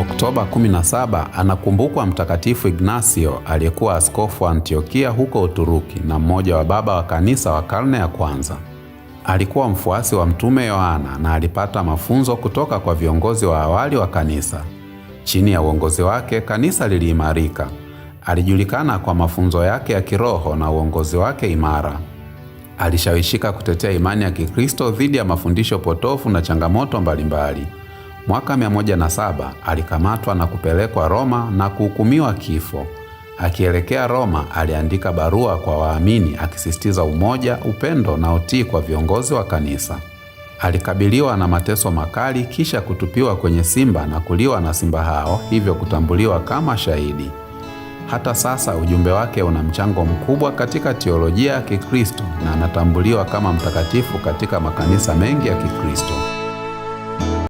Oktoba 17 anakumbukwa Mtakatifu Ignasio aliyekuwa askofu wa Antiokia huko Uturuki na mmoja wa baba wa kanisa wa karne ya kwanza. Alikuwa mfuasi wa Mtume Yohana na alipata mafunzo kutoka kwa viongozi wa awali wa kanisa. Chini ya uongozi wake, kanisa liliimarika. Alijulikana kwa mafunzo yake ya kiroho na uongozi wake imara. Alishawishika kutetea imani ya Kikristo dhidi ya mafundisho potofu na changamoto mbalimbali. Mwaka 107 alikamatwa na kupelekwa Roma na kuhukumiwa kifo. Akielekea Roma, aliandika barua kwa waamini akisisitiza umoja, upendo na utii kwa viongozi wa kanisa. Alikabiliwa na mateso makali, kisha kutupiwa kwenye simba na kuliwa na simba hao, hivyo kutambuliwa kama shahidi. Hata sasa ujumbe wake una mchango mkubwa katika teolojia ya Kikristo na anatambuliwa kama mtakatifu katika makanisa mengi ya Kikristo.